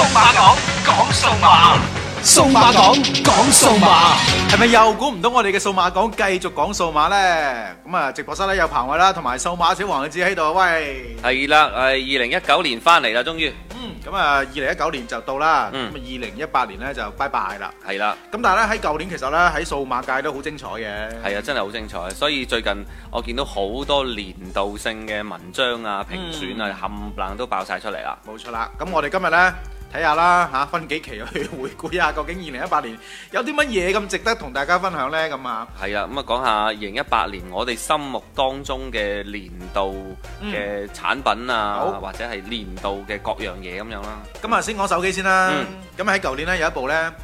數碼講講數碼，數碼講講數碼，係咪又估唔到我哋嘅數碼講繼續講數碼咧？咁啊，直播室咧有彭偉啦，同埋數碼小王子喺度。喂，係啦，係二零一九年翻嚟啦，終於。嗯。咁啊，二零一九年就到啦。嗯。咁二零一八年咧就拜拜啦。係啦。咁但係咧喺舊年其實咧喺數碼界都好精彩嘅。係啊，真係好精彩。所以最近我見到好多年度性嘅文章啊、評選啊、冚唪唥都爆晒出嚟啦。冇錯啦。咁我哋今日咧。睇下啦嚇，分幾期去回顧一下，究竟二零一八年有啲乜嘢咁值得同大家分享呢？咁啊，係啦，咁啊講下二零一八年我哋心目當中嘅年度嘅產品啊，嗯、或者係年度嘅各樣嘢咁樣啦。咁啊，先講手機先啦。咁喺舊年呢，有一部呢，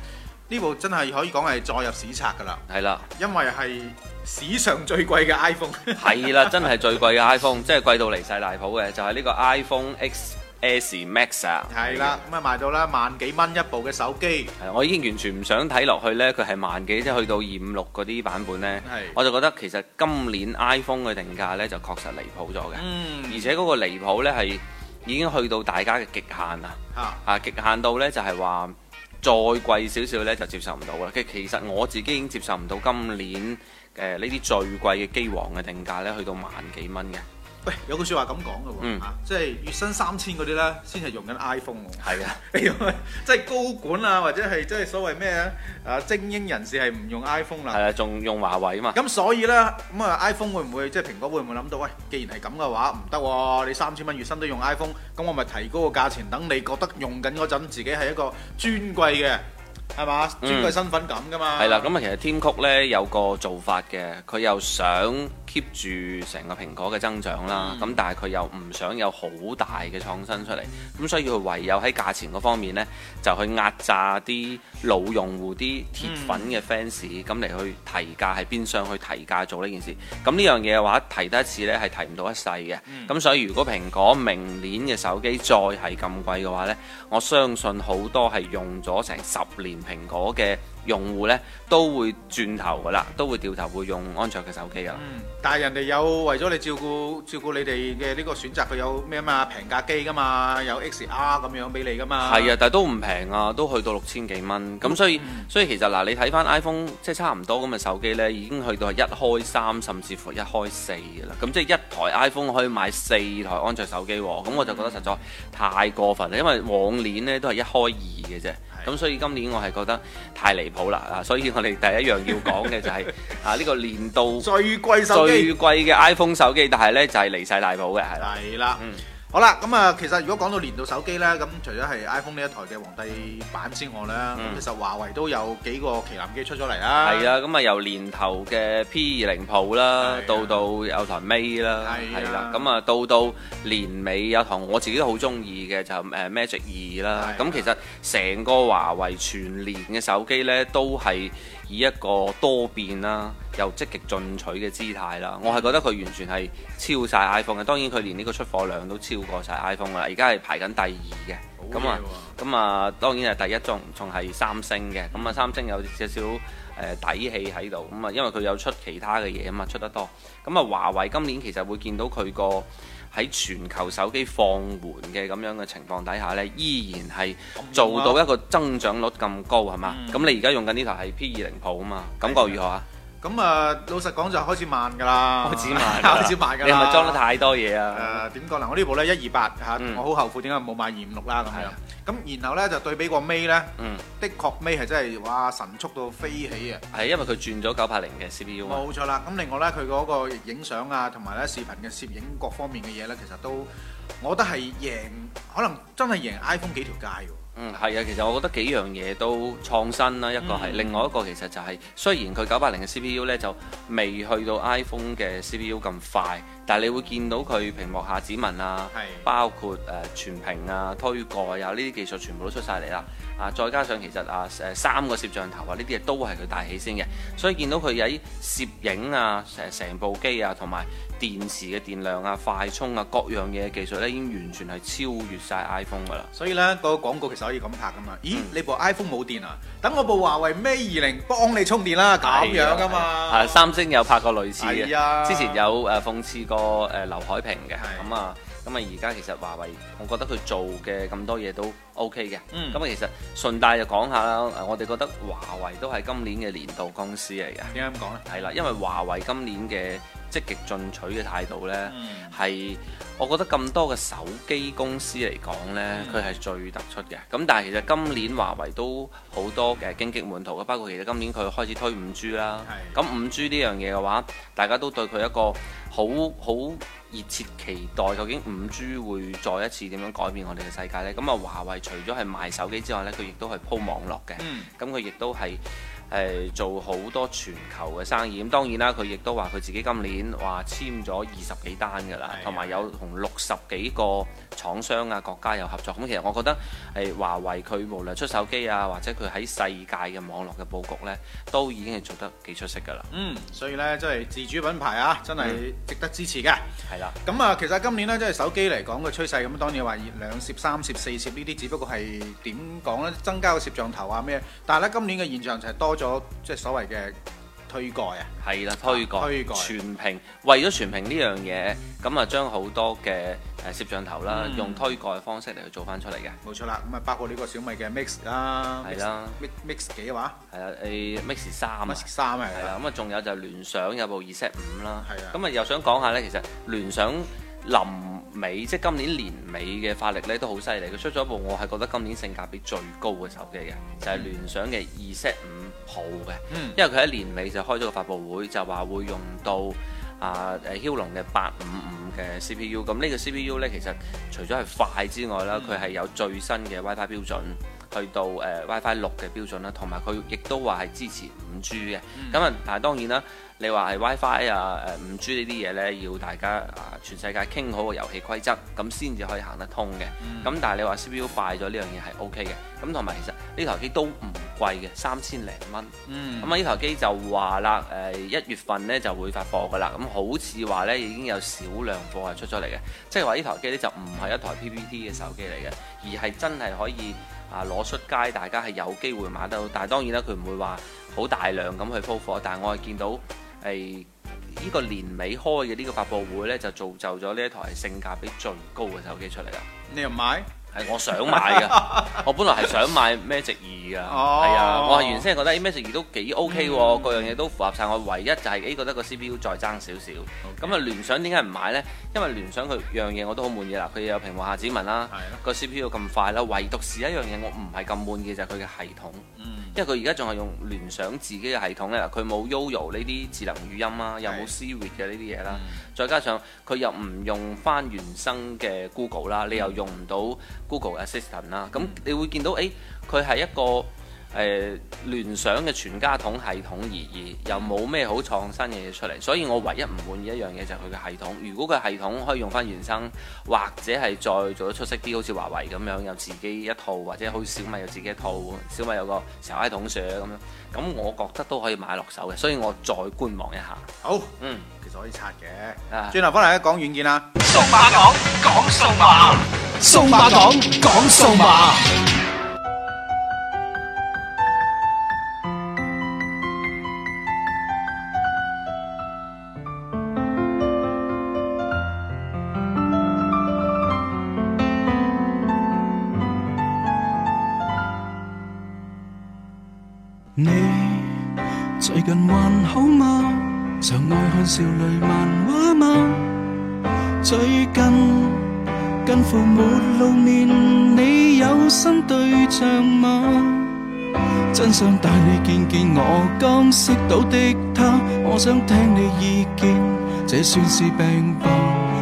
呢部真係可以講係載入史冊噶啦。係啦的，因為係史上最貴嘅 iPhone。係啦，真係最貴嘅 iPhone， 即係貴到離晒大譜嘅，就係、是、呢個 iPhone X。S Max 啊，係啦了，咁啊賣到啦萬幾蚊一部嘅手機，係，我已經完全唔想睇落去咧，佢係萬幾，即係去到二五六嗰啲版本咧，係是，我就覺得其實今年 iPhone 嘅定價咧就確實離譜咗嘅，嗯，而且嗰個離譜咧係已經去到大家嘅極限啦，吓、啊，極限到咧就係話再貴少少咧就接受唔到啦，即係其實我自己已經接受唔到今年誒、呃、呢啲最貴嘅機皇嘅定價咧去到萬幾蚊嘅。喂，有句説話咁講㗎喎，嚇，即係月薪三千嗰啲咧，先係用緊 iPhone 喎。係啊，誒，即係高管啊，或者係即係所謂咩啊？誒，精英人士係唔用 iPhone 啦。係啊，仲用華為啊嘛。咁所以咧，咁啊，iPhone 會唔會即係蘋果會唔會諗到？喂，既然係咁嘅話，唔得喎，你三千蚊月薪都用 iPhone，咁我咪提高個價錢，等你覺得用緊嗰陣，自己係一個尊貴嘅，係嘛？尊貴身份咁㗎嘛。係啦，咁啊，其實天曲咧有個做法嘅，佢又想。keep 住成個蘋果嘅增長啦，咁、嗯、但係，佢又唔想有好大嘅創新出嚟，咁、嗯、所以佢唯有喺價錢嗰方面咧，就去壓榨啲老用戶、嗯、啲鐵粉嘅 fans，咁，嚟去提價係變相去提價做呢件事。咁呢樣嘢嘅話，提得一次咧係提唔到一世嘅，咁、嗯、所以如果蘋果明年嘅手機再係咁貴嘅話咧，我相信好多係用咗成十年蘋果嘅。用戶咧都會轉頭噶啦，都會掉頭會用安卓嘅手機噶啦。嗯，但係人哋有為咗你照顧照顧你哋嘅呢個選擇，佢有咩嘛平價機噶嘛，有 XR 咁樣俾你噶嘛。係啊，但係都唔平啊，都去到六千幾蚊咁，所以、嗯、所以所以其實嗱、呃，你睇翻 iPhone 即係差唔多咁嘅手機呢，已經去到係一開三甚至乎一開四噶啦。咁即係一台 iPhone 可以買四台安卓手機，咁我就覺得實在太過分啦，因為往年呢都係一開二嘅啫。咁所以今年我係覺得太離譜啦啊！所以我哋第一樣要講嘅就係、係、 啊呢、呢個年度最貴手機、最貴嘅 iPhone 手機，但係呢就係、係、離曬大譜嘅，係啦。了好啦，咁啊，其實如果講到年度手機呢，咁除咗係 iPhone 呢一台嘅皇帝版之外呢，咁、嗯、其實華為都有幾個旗艦機出咗嚟啦。係啊，咁啊由年頭嘅 P 二零 Pro 啦，是啊、到到有台 Mate 啦，係啦是、啊啊，咁啊到到年尾有台我自己都好鍾意嘅就係 Magic 二啦。咁是、啊、其實成個華為全年嘅手機呢，都係以一個多變啦，又積極進取嘅姿態啦，我係覺得佢完全係超晒 iPhone 嘅，當然佢連呢個出貨量都超過晒 iPhone 啦，而家係排緊第二嘅，咁啊，咁啊、嗯嗯，當然係第一仲仲係三星嘅，咁啊、嗯、三星有少少誒底氣喺度，咁、嗯、啊因為佢有出其他嘅嘢嘛，咁啊出得多，咁、嗯、啊華為今年其實會見到佢個喺全球手機放緩嘅咁樣嘅情況底下呢，依然係做到一個增長率咁高係嘛？咁你而家用緊呢台係 P 二零 Pro 啊嘛，感覺如何啊？咁啊、嗯，老實講就開始慢噶啦，開始慢，開始慢噶啦。 你係咪裝得太多嘢啊？誒點講嗱？我部呢部咧一二八嚇，1, 2, 8, 啊嗯、我好後悔點解冇買二五六啦咁樣。咁的、嗯、然後咧就對比個 Mate 咧，嗯、的確 Mate 係真係哇神速到飛起、嗯、啊！係因為佢轉咗九八零嘅 CPU 冇錯啦。咁另外咧，佢嗰個影相啊，同埋咧視頻嘅攝影各方面嘅嘢咧，其實都我覺得係贏，可能真係贏 iPhone 幾條街喎。嗯，係啊，其實我覺得幾樣嘢都創新啦。嗯、一個係，另外一個其實就係、是、雖然佢九八零嘅 C P U 呢就未去到 iPhone 嘅 C P U 咁快，但係你會見到佢屏幕下指紋啊，是的 包括誒、呃、全屏啊、推蓋啊呢啲技術全部都出晒嚟啦。啊，再加上其實啊誒三個攝像頭啊呢啲嘢都係佢帶起先嘅，所以見到佢喺攝影啊成、呃、部機啊同埋。電池嘅電量啊、快充啊、各樣嘢技術咧、啊，已經完全係超越晒 iPhone 噶啦。所以咧，個廣告其實可以咁拍噶嘛？咦，嗯、你部 iPhone 冇電啊？等我部華為 Mate 二零幫你充電啦，咁、哎、呀樣噶嘛？啊，啊，三星有拍過類似嘅，哎、呀之前有誒諷刺過誒劉海屏嘅，咁啊，咁啊，而家其實華為，我覺得佢做嘅咁多嘢都 OK 嘅。咁啊、嗯，嗯、其實順帶就講下啦，我哋覺得華為都係今年嘅年度公司嚟嘅。點解咁講咧？係啦，因為華為今年嘅積極進取嘅態度呢，係、嗯、我覺得咁多嘅手機公司嚟講呢，佢係、嗯、最突出嘅。咁但係其實今年華為都好多嘅荊棘滿途嘅，包括其實今年佢開始推五 G 啦。咁五的 G 呢樣嘢嘅話，大家都對佢一個好好熱切期待。究竟五 G 會再一次點樣改變我哋嘅世界呢？咁、嗯、啊，嗯、華為除咗係賣手機之外呢，佢亦都係鋪網絡嘅。咁佢、嗯、亦都係。誒做好多全球嘅生意，咁當然啦，佢亦都話佢自己今年話簽咗二十幾單㗎啦，同埋是的 有同六十幾個廠商啊國家有合作。咁、嗯、其實我覺得係、呃、華為佢無論出手機啊，或者佢喺世界嘅網絡嘅布局咧，都已經係做得幾出色㗎啦。嗯，所以咧，即係自主品牌啊，真係值得支持嘅。係啦、嗯。咁啊，其實今年咧，即係手機嚟講嘅趨勢，咁當然話兩攝三攝四攝呢啲，只不過係點講咧，增加個攝像頭啊咩。但係咧，今年嘅現象就係多。咗即係所謂嘅推蓋啊，係啦，推蓋，推蓋全屏，為咗全屏呢樣嘢，咁啊將好多嘅誒攝像頭啦，用推蓋嘅方式嚟去做翻出嚟嘅，冇錯啦。咁啊包括呢個小米嘅 Mix 啦，係啦，Mix 幾啊？係啊，誒 Mix 三，Mix 三係啦。咁啊仲有就聯想有部 Z5 啦，係啊。咁啊又想講下咧，其實聯想。臨尾即係今年年尾嘅發力咧，都好犀利。佢出咗一部我係覺得今年性價比最高嘅手機嘅，就係、是、聯想嘅二 set 五 Pro 嘅。嗯，因為佢喺年尾就開咗個發布會，就話會用到啊誒驍龍嘅八五五嘅 CPU。咁呢個 CPU 咧，其實除咗係快之外啦，佢係、嗯、有最新嘅 WiFi 標準。去到誒 WiFi 六嘅標準啦，同埋佢亦都話係支持五 G 嘅。咁、嗯、啊，但係當然啦，你話係 WiFi 啊誒五 G 呢啲嘢呢要大家啊、呃、全世界傾好個遊戲規則咁先至可以行得通嘅。咁、嗯、但係你話 CPU speed 快咗呢樣嘢係 O K 嘅。咁同埋其實呢台機都唔貴嘅，三千零蚊。咁啊、嗯，呢台機就話啦誒一月份呢就會發貨噶啦。咁好似話呢已經有少量貨係出咗嚟嘅，即係話呢台機呢就唔係一台 PPT 嘅手機嚟嘅，而係真係可以。啊攞出街，大家係有機會買得到，但係當然啦，佢唔會話好大量咁去鋪貨，但係我係見到係呢、欸呢個年尾開嘅呢個發佈會呢，就造就咗呢一台性價比最高嘅手機出嚟啦。你又買？係我想買噶，我本來係想買 Magic 2噶，係啊、oh.，我係原先覺得 m A Magic 2都幾 OK 喎，mm hmm. 各樣嘢都符合晒。我唯一就係、是、A、欸、覺得個 C P U 再爭少少。咁啊，聯想點解唔買呢？因為聯想佢樣嘢我都好滿意啦，佢有屏幕下指紋啦，mm hmm. 啊、個 C P U 咁快啦，唯獨是一樣嘢我唔係咁滿意嘅就係佢嘅系統。Mm hmm. 因為佢而家仲係用聯想自己嘅系統咧，佢冇 YoYo 呢啲智能語音啦，對又冇 Siri 嘅呢啲嘢啦，嗯、再加上佢又唔用返原生嘅 Google 啦、嗯，你又用唔到 Google Assistant 啦、嗯，咁你會見到，誒、哎，佢係一個。誒、呃、聯想嘅全家桶系統而已，又冇咩好創新嘅嘢出嚟，所以我唯一唔滿意一樣嘢就係佢嘅系統。如果佢系統可以用翻原生，或者係再做得出色啲，好似華為咁樣有自己一套，或者好似小米有自己一套，小米有個小米桶鎖咁，咁我覺得都可以買落手嘅。所以我再觀望一下。好，嗯，其實可以拆嘅。啊，轉頭翻嚟講軟件啦。數碼黨講數碼，數碼黨講數碼。數碼人還好嗎？常愛看少女漫畫嗎？最近近乎沒露面，你有新對象嗎？真想帶你見見我剛識到的他，我想聽你意見，這算是病吧？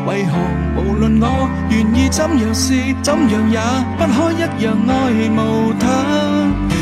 為何無論我願意怎樣試，怎樣也不可一樣愛慕他？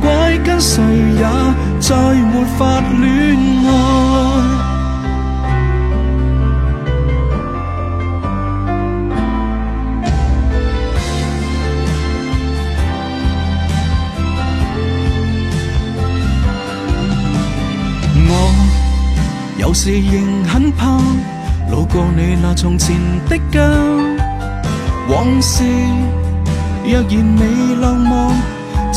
怪跟誰也再沒法戀愛， 我有時仍很怕路過你那從前的家，往事若然未落寞。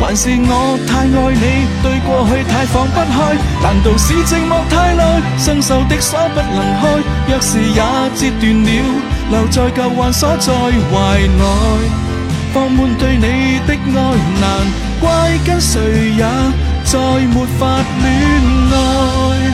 還是我太愛你，對過去太放不開。難道是寂寞太耐，生銹的鎖不能開？鑰匙也折斷了，留在舊患鎖在懷內，放滿對你的愛，難怪跟誰也再沒法戀愛。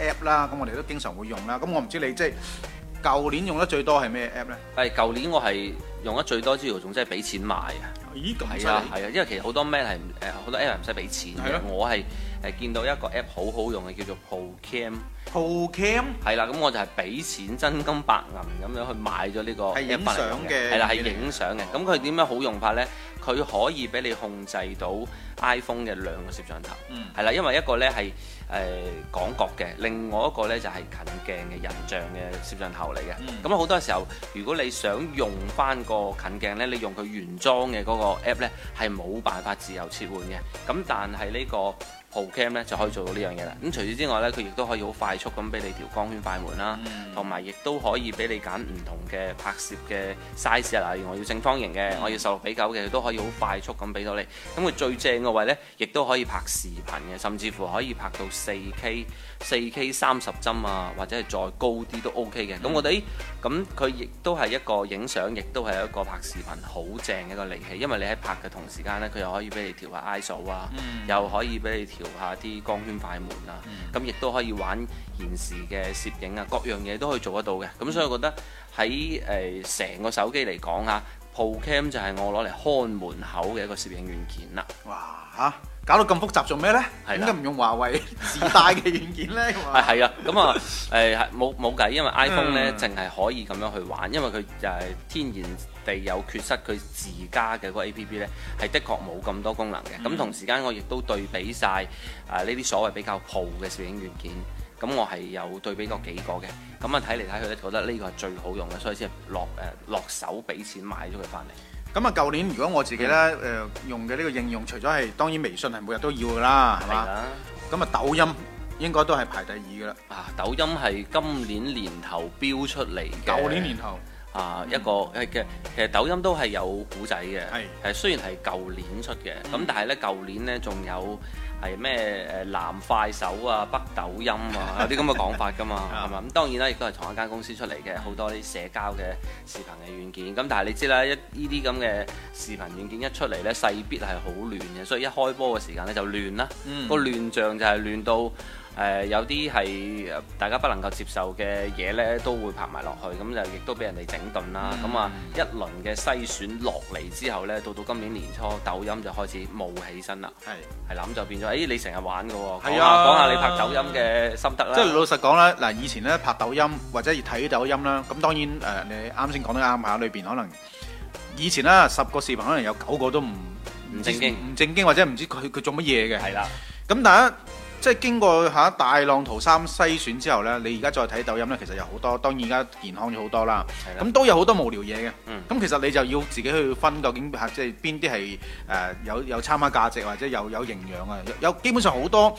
app 啦，咁我哋都經常會用啦。咁我唔知你即係舊年用得最多係咩 app 咧？誒，舊年我係用得最多之餘，仲即係俾錢買啊！咦，咁真係，係啊，係啊，因為其實好多咩係誒，好多 app 唔使俾錢嘅。的我係誒見到一個 app 好好用嘅，叫做 ProCam。ProCam 係啦，咁我就係俾錢真金白銀咁樣去買咗呢個係影相嘅，係啦，係影相嘅。咁佢點樣好用法咧？佢可以俾你控制到。iPhone 嘅兩個攝像頭，係啦、嗯，因為一個咧係誒廣角嘅，另外一個咧就係近鏡嘅人像嘅攝像頭嚟嘅。咁好、嗯、多時候，如果你想用翻個近鏡咧，你用佢原裝嘅個 app 咧，係冇辦法自由切換嘅。咁但係呢個 ProCam 咧就可以做到呢樣嘢啦。咁除此之外咧，佢亦都可以好快速咁俾你調光圈快門啦，同埋亦都可以俾你揀唔同嘅拍攝嘅 size 啊，例如我要正方形嘅，嗯、我要十六比九嘅，都可以好快速咁俾到你。咁佢最正位咧，亦都可以拍視頻嘅，甚至乎可以拍到 4K、4K 三十幀啊，或者係再高啲都 OK 嘅。咁、嗯、我哋咁佢亦都係一個影相，亦都係一個拍視頻好正嘅一個利器。因為你喺拍嘅同時間咧，佢又可以俾你調下 ISO 啊，嗯、又可以俾你調下啲光圈快門啊。咁亦都可以玩延時嘅攝影啊，各樣嘢都可以做得到嘅。咁所以我覺得喺誒成個手機嚟講吓。Pro Cam 就係我攞嚟看門口嘅一個攝影軟件啦。哇嚇，搞到咁複雜做咩呢？點解唔用華為自帶嘅軟件咧？係啊，咁啊， 誒冇冇計，因為 iPhone 咧淨係可以咁樣去玩，因為佢就係天然地有缺失，佢自家嘅個 A P P 咧係的確冇咁多功能嘅。咁、嗯、同時間我亦都對比晒啊呢啲所謂比較 Pro 嘅攝影軟件。咁我係有對比過幾個嘅，咁啊睇嚟睇去咧，覺得呢個係最好用嘅，所以先落誒落手俾錢買咗佢翻嚟。咁啊，舊年如果我自己咧誒、嗯呃、用嘅呢個應用，除咗係當然微信係每日都要㗎啦，係嘛的？咁啊，抖音應該都係排第二㗎啦。啊，抖音係今年年頭飆出嚟嘅。舊年年頭。啊，一個誒嘅、嗯、其實抖音都係有古仔嘅，係是，係雖然係舊年出嘅，咁、嗯、但係呢舊年呢仲有係咩誒南快手啊，北抖音啊，有啲咁嘅講法㗎嘛，係嘛？ 咁當然啦，亦都係同一間公司出嚟嘅，好多啲社交嘅視頻嘅軟件，咁但係你知啦，一呢啲咁嘅視頻軟件一出嚟呢，勢必係好亂嘅，所以一開波嘅時間呢，就亂啦，嗯、個亂象就係亂到。誒有啲係大家不能夠接受嘅嘢咧，都會拍埋落去，咁就亦都俾人哋整頓啦。咁啊，一輪嘅篩選落嚟之後咧，到到今年年初，抖音就開始冒起身啦。係係啦，咁就變咗，咦、哎？你成日玩㗎喎，講下的講下你拍抖音嘅心得啦、嗯。即係老實講啦，嗱，以前咧拍抖音或者睇抖音啦，咁當然誒，你啱先講得啱下，裏邊可能以前啦，十個視頻，可能有九個都唔唔正經，唔正經或者唔知佢佢做乜嘢嘅。係啦的，咁但係。即係經過嚇大浪淘沙篩選之後呢，你而家再睇抖音呢，其實有好多，當然而家健康咗好多啦。咁的都有好多無聊嘢嘅。咁、嗯、其實你就要自己去分究究，究竟即係邊啲係誒有有參考價值或者又有，有營養啊？有，有基本上好多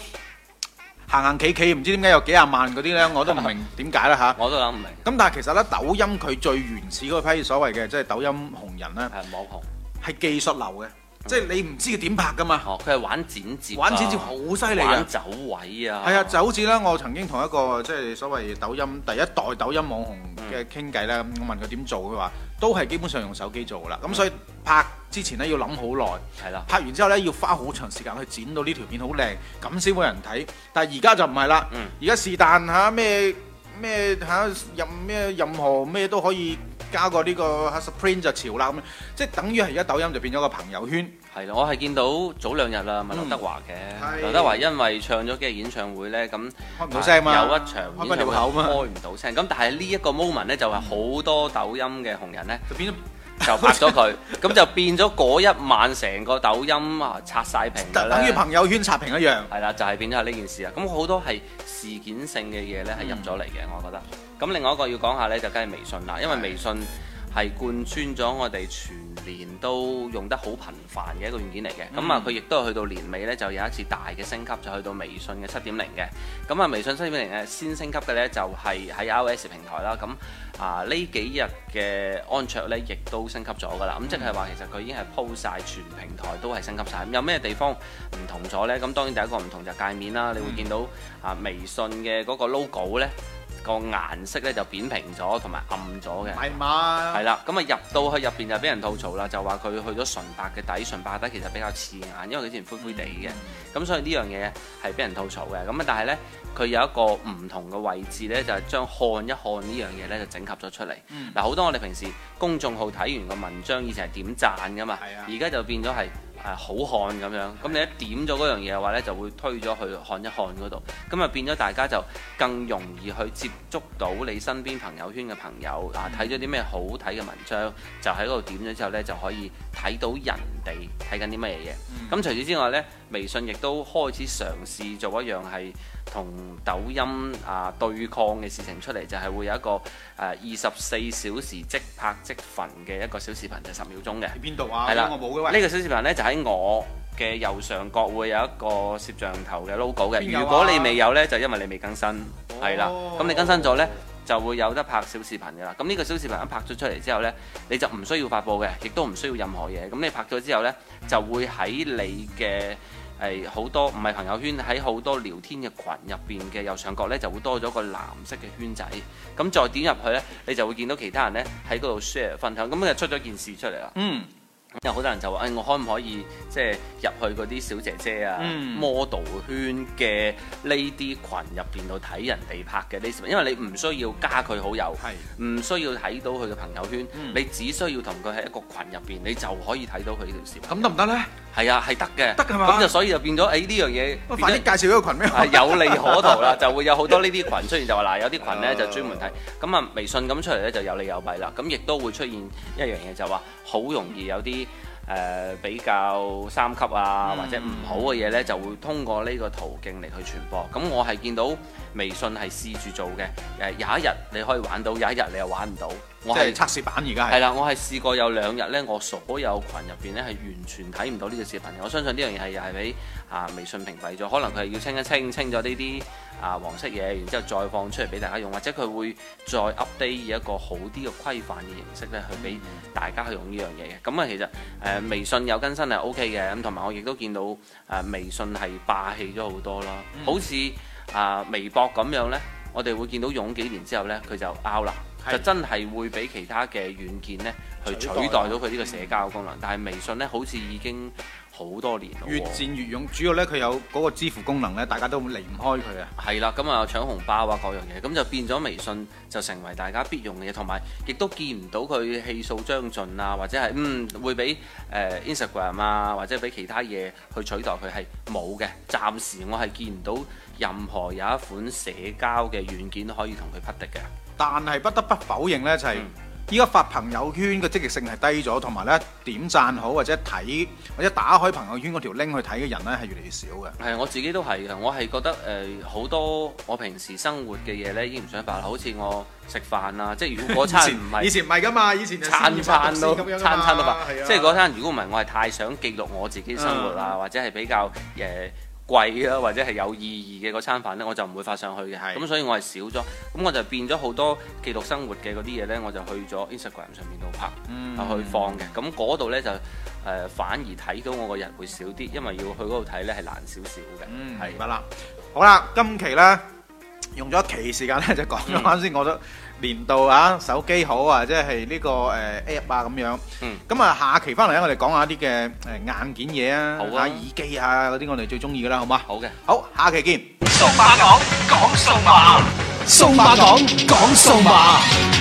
行行企企，唔知點解有幾廿萬嗰啲呢，我都唔明點解啦吓， 啊、我都諗唔明。咁但係其實呢，抖音佢最原始嗰批所謂嘅即係抖音紅人呢，係網紅，係技術流嘅。即係你唔知佢點拍噶嘛？佢係、哦、玩剪接、啊，玩剪接好犀利嘅，玩走位啊！係啊，就好似咧，我曾經同一個即係所謂抖音第一代抖音網紅嘅傾偈咧，嗯、我問佢點做，佢話都係基本上用手機做噶啦。咁、嗯、所以拍之前咧要諗好耐，係啦、嗯。拍完之後咧要花好長時間去剪到呢條片好靚，咁先會有人睇。但係而家就唔係啦，而家是但嚇咩咩嚇任咩任何咩都可以。加個呢個 Supreme 就潮啦，咁，即係等於係而家抖音就變咗個朋友圈。係，我係見到早兩日啦，問劉德華嘅。劉德華因為唱咗幾日演唱會咧，咁開唔到聲嘛，有一場演唱會開唔到聲。咁但係呢一個 moment 咧，就係好多抖音嘅紅人咧。就拍咗佢，咁 就變咗嗰一晚成個抖音啊，刷晒屏嘅，等於朋友圈刷屏一樣。係啦，就係、是、變咗呢件事啊！咁好多係事件性嘅嘢呢係入咗嚟嘅，嗯、我覺得。咁另外一個要講下呢，就梗、是、係微信啦，因為微信，係貫穿咗我哋全年都用得好頻繁嘅一個軟件嚟嘅，咁啊佢亦都係去到年尾呢，就有一次大嘅升級，就去到微信嘅七點零嘅。咁、嗯、啊，微信七點零呢先升級嘅呢，就係喺 iOS 平台啦。咁啊呢幾日嘅安卓呢，亦都升級咗噶啦。咁、嗯、即係話其實佢已經係鋪晒全平台都係升級晒。咁有咩地方唔同咗呢？咁當然第一個唔同就係界面啦。你會見到、嗯、啊，微信嘅嗰個 logo 呢。個顏色咧就扁平咗，同埋暗咗嘅。係嘛？係啦，咁啊入到去入邊就俾人吐槽啦，就話佢去咗純白嘅底，純白底其實比較刺眼，因為佢之前灰灰地嘅，咁、嗯嗯、所以呢樣嘢係俾人吐槽嘅。咁啊，但係呢，佢有一個唔同嘅位置呢，就係、是、將看一看呢樣嘢呢就整合咗出嚟。嗱、嗯，好多我哋平時公眾號睇完個文章以前係點讚㗎嘛，而家、嗯、就變咗係。好看咁樣，咁你一點咗嗰樣嘢嘅話呢，就會推咗去看一看嗰度，咁啊變咗大家就更容易去接觸到你身邊朋友圈嘅朋友啊，睇咗啲咩好睇嘅文章，就喺嗰度點咗之後呢，就可以睇到人哋睇緊啲乜嘢嘢。咁、嗯、除此之外呢，微信亦都開始嘗試做一樣係。同抖音啊、呃、對抗嘅事情出嚟，就係、是、會有一個誒二十四小時即拍即焚嘅一個小視頻，就十、是、秒鐘嘅。喺邊度啊？係啦了，我冇嘅。呢、啊、個小視頻呢，就喺我嘅右上角會有一個攝像頭嘅 logo 嘅。啊、如果你未有呢，就因為你未更新，係啦、哦。咁你更新咗呢，哦、就會有得拍小視頻嘅啦。咁呢個小視頻一拍咗出嚟之後呢，你就唔需要發佈嘅，亦都唔需要任何嘢。咁你拍咗之後呢，就會喺你嘅。係好多唔係朋友圈喺好多聊天嘅群入邊嘅右上角呢，就會多咗個藍色嘅圈仔，咁再點入去呢，你就會見到其他人呢喺嗰度 share 分享。咁就出咗件事出嚟啦。嗯，有好多人就話，誒、哎、我可唔可以即係入去嗰啲小姐姐啊 model、嗯、圈嘅呢啲群入邊度睇人哋拍嘅呢？因為你唔需要加佢好友，唔需要睇到佢嘅朋友圈，嗯、你只需要同佢喺一個群入邊，你就可以睇到佢呢條消息。咁得唔得呢？係啊，係得嘅，得嘅嘛。咁就所以就變咗，誒呢樣嘢變咗介紹咗個群咩？有利可圖啦， 就會有好多呢啲群出現，就話嗱有啲群咧就專門睇。咁啊，微信咁出嚟咧就有利有弊啦。咁亦都會出現一樣嘢，就話好容易有啲誒、呃、比較三級啊或者唔好嘅嘢咧，就會通過呢個途徑嚟去傳播。咁我係見到。微信係試住做嘅，誒有一日你可以玩到，有一日你又玩唔到，我係測試版而家係啦。我係試過有兩日呢，我所有群入邊呢係完全睇唔到呢個視頻，我相信呢樣嘢係又係俾啊微信屏蔽咗，可能佢係要清一清，清咗呢啲啊黃色嘢，然之後再放出嚟俾大家用，或者佢會再 update 以一個好啲嘅規範嘅形式呢去俾大家去用呢樣嘢嘅。咁、嗯、啊，其實誒微信有更新係 OK 嘅，咁同埋我亦都見到誒、啊、微信係霸氣咗、嗯、好多啦，好似。啊，微博咁樣呢，我哋會見到用咗幾年之後呢，佢就 out 啦，是就真係會俾其他嘅軟件呢去取代咗佢呢個社交功能。嗯、但係微信呢，好似已經。好多年，越戰越勇。主要呢，佢有嗰個支付功能呢，大家都離唔開佢啊。係啦，咁、嗯、啊，搶紅包啊，各樣嘢，咁就變咗微信就成為大家必用嘅嘢，同埋亦都見唔到佢氣數將盡啊，或者係嗯會俾、呃、Instagram 啊，或者俾其他嘢去取代佢係冇嘅。暫時我係見唔到任何有一款社交嘅軟件可以同佢匹敵嘅。但係不得不否認呢，就係。嗯依家發朋友圈個積極性係低咗，同埋咧點讚好或者睇或者打開朋友圈嗰條 link 去睇嘅人咧係越嚟越少嘅。係，我自己都係嘅，我係覺得誒好、呃、多我平時生活嘅嘢咧已經唔想發啦，好似我食飯啊，即係如果嗰餐唔係 以前唔係㗎嘛，以前餐，餐餐都，都餐餐都即係嗰餐如果唔係我係太想記錄我自己生活啊，嗯、或者係比較誒。Yeah, 貴啊，或者係有意義嘅嗰餐飯呢，我就唔會發上去嘅。係咁是，所以我係少咗。咁我就變咗好多記錄生活嘅嗰啲嘢呢，我就去咗 Instagram 上面度拍，嗯、去放嘅。咁嗰度呢，就、呃、誒，反而睇到我個人會少啲，因為要去嗰度睇呢係難少少嘅。嗯，係的。好啦，好啦，今期呢，用咗一期時間呢，就講咗返先，嗯、我都。年度啊，手機好啊，即係呢、這個誒 app 啊咁樣。嗯。咁、嗯、啊，下期翻嚟咧，我哋講下啲嘅誒硬件嘢啊，好啊，耳機啊嗰啲，我哋最中意㗎啦，好嗎？好嘅的，好，下期見。數碼港講數碼，數碼港講數碼。數碼